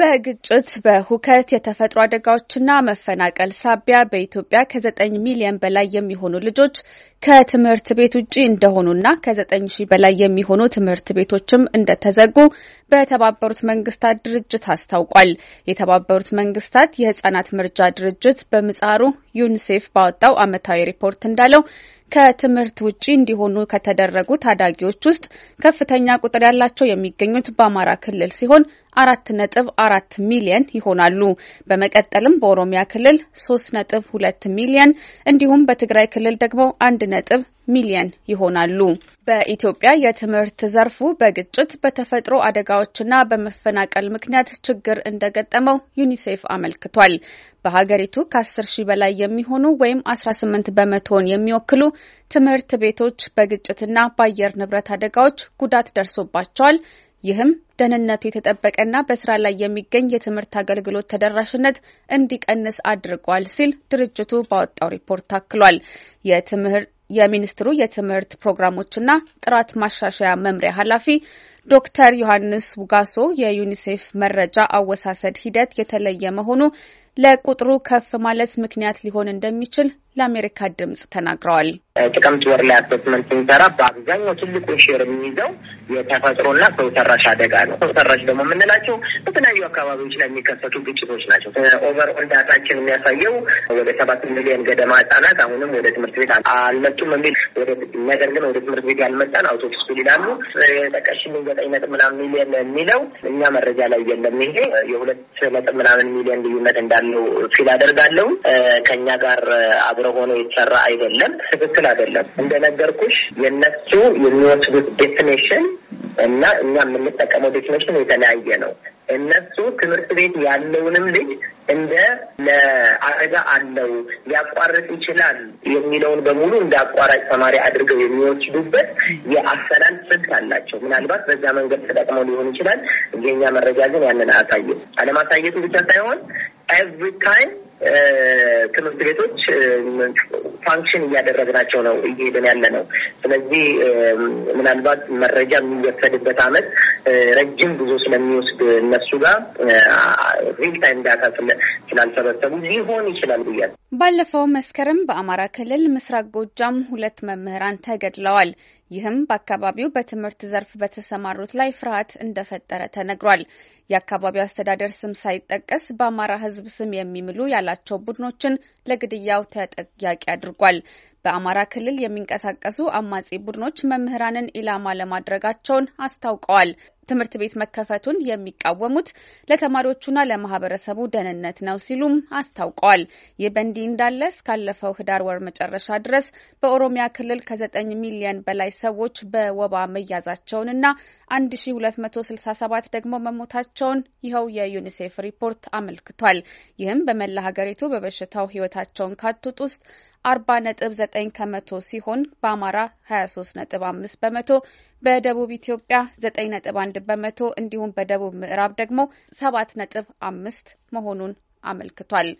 በግጭት በሁከት የተፈጥሮ አደጋዎችና መፈናቀል ሳቢያ በኢትዮጵያ ከዘጠኝ ሚሊዮን በላይ የሚሆኑ ልጆች ከትምህርት ቤት ውጪ እንደሆኑና ከዘጠኝ ሺህ በላይ የሚሆኑ ትምህርት ቤቶችም እንደተዘጉ በተባበሩት መንግስታት ድርጅት አስታውቋል። የተባበሩት መንግስታት የህጻናት መርጃ ድርጅት በምጻሩ ዩኒሴፍ ባወጣው አመታዊ ሪፖርት እንዳለው ከትምህርት ውጪ እንዲሆኑ ከተደረጉ ታዳጊዎች ውስጥ ከፍተኛ ቁጥር ያላቸው የሚገኙት በአማራ ክልል ሲሆን አራት ነጥብ አራት ሚሊየን ይሆናሉ። በመቀጠልም በኦሮሚያ ክልል ሶስት ነጥብ ሁለት ሚሊየን እንዲሁም በትግራይ ክልል ደግሞ አንድ ነጥብ ሚሊየን ይሆናሉ። በኢትዮጵያ የትምህርት ዘርፉ በግጭት በተፈጥሮ አደጋዎችና በመፈናቀል ምክንያት ችግር እንደገጠመው ዩኒሴፍ አመልክቷል። በሀገሪቱ ከ10 ሺህ በላይ የሚሆኑ ወይም 18 በመቶውን የሚወክሉ ትምህርት ቤቶች በግጭትና በአየር ንብረት አደጋዎች ጉዳት ደርሶባቸዋል። ይህም ደህንነቱ የተጠበቀና በስራ ላይ የሚገኝ የትምህርት አገልግሎት ተደራሽነት እንዲቀንስ አድርጓል ሲል ድርጅቱ ባወጣው ሪፖርት አክሏል። የሚኒስትሩ የትምህርት ፕሮግራሞችና ጥራት ማሻሻያ መምሪያ ኃላፊ ዶክተር ዮሐንስ ውጋሶ የዩኒሴፍ መረጃ አወሳሰድ ሂደት የተለየ መሆኑ ለቁጥሩ ከፍ ማለት ምክንያት ሊሆን እንደሚችል ለአሜሪካ ድምጽ ተናግረዋል። ጥቅምት ወር ላይ አሴስመንት ስንሰራ በአብዛኛው ትልቁ ሼር የሚይዘው የተፈጥሮና ሰው ሰራሽ አደጋ ነው። ሰው ሰራሽ ደግሞ የምንላቸው በተለያዩ አካባቢዎች ላይ የሚከሰቱ ግጭቶች ናቸው። ኦቨር ኦል ዳታችን የሚያሳየው ወደ ሰባት ሚሊዮን ገደማ ህጻናት አሁንም ወደ ትምህርት ቤት አልመጡም የሚል ነገር ግን ወደ ትምህርት ቤት ያልመጣን አውቶቡስ ይላሉ። የጠቀሽልኝ ዘጠኝ ነጥብ ምናምን ሚሊዮን የሚለው እኛ መረጃ ላይ የለም። ይሄ የሁለት ነጥብ ምናምን ሚሊዮን ልዩነት እንዳለው ፊል አደርጋለሁ ከእኛ ጋር አብረው ሆኖ የተሰራ አይደለም፣ ትክክል አይደለም። እንደነገርኩሽ የነሱ የሚወስዱት ዴፊኔሽን እና እኛ የምንጠቀመው ዴፊኔሽን የተለያየ ነው። እነሱ ትምህርት ቤት ያለውንም ልጅ እንደ ለአደጋ አለው ሊያቋርጥ ይችላል የሚለውን በሙሉ እንደ አቋራጭ ተማሪ አድርገው የሚወስዱበት የአሰላል ስልት አላቸው። ምናልባት በዛ መንገድ ተጠቅመው ሊሆን ይችላል። የኛ መረጃ ግን ያንን አያሳየም። አለማሳየቱ ብቻ ሳይሆን ኤቭሪ ታይም ትምህርት ቤቶች ፋንክሽን እያደረግናቸው ነው እየሄድን ያለ ነው። ስለዚህ ምናልባት መረጃ የሚወሰድበት አመት ረጅም ጉዞ ስለሚወስድ እነሱ ጋር ሪል ታይም ዳታ ስላልሰበሰቡ ሊሆን ይችላል ብያል። ባለፈው መስከረም በአማራ ክልል ምስራቅ ጎጃም ሁለት መምህራን ተገድለዋል። ይህም በአካባቢው በትምህርት ዘርፍ በተሰማሩት ላይ ፍርሃት እንደፈጠረ ተነግሯል። የአካባቢው አስተዳደር ስም ሳይጠቀስ በአማራ ሕዝብ ስም የሚምሉ ያላቸው ቡድኖችን ለግድያው ተጠያቂ አድርጓል። በአማራ ክልል የሚንቀሳቀሱ አማጺ ቡድኖች መምህራንን ኢላማ ለማድረጋቸውን አስታውቀዋል። ትምህርት ቤት መከፈቱን የሚቃወሙት ለተማሪዎቹና ለማህበረሰቡ ደህንነት ነው ሲሉም አስታውቀዋል። ይህ በእንዲህ እንዳለ እስካለፈው ህዳር ወር መጨረሻ ድረስ በኦሮሚያ ክልል ከዘጠኝ ሚሊየን በላይ ሰዎች በወባ መያዛቸውንና 1267 ደግሞ መሞታቸውን ይኸው የዩኒሴፍ ሪፖርት አመልክቷል። ይህም በመላ ሀገሪቱ በበሽታው ህይወታቸውን ካጡት ውስጥ አርባ ነጥብ ዘጠኝ ከመቶ ሲሆን በአማራ ሀያ ሶስት ነጥብ አምስት በመቶ በደቡብ ኢትዮጵያ ዘጠኝ ነጥብ አንድ በመቶ እንዲሁም በደቡብ ምዕራብ ደግሞ ሰባት ነጥብ አምስት መሆኑን አመልክቷል።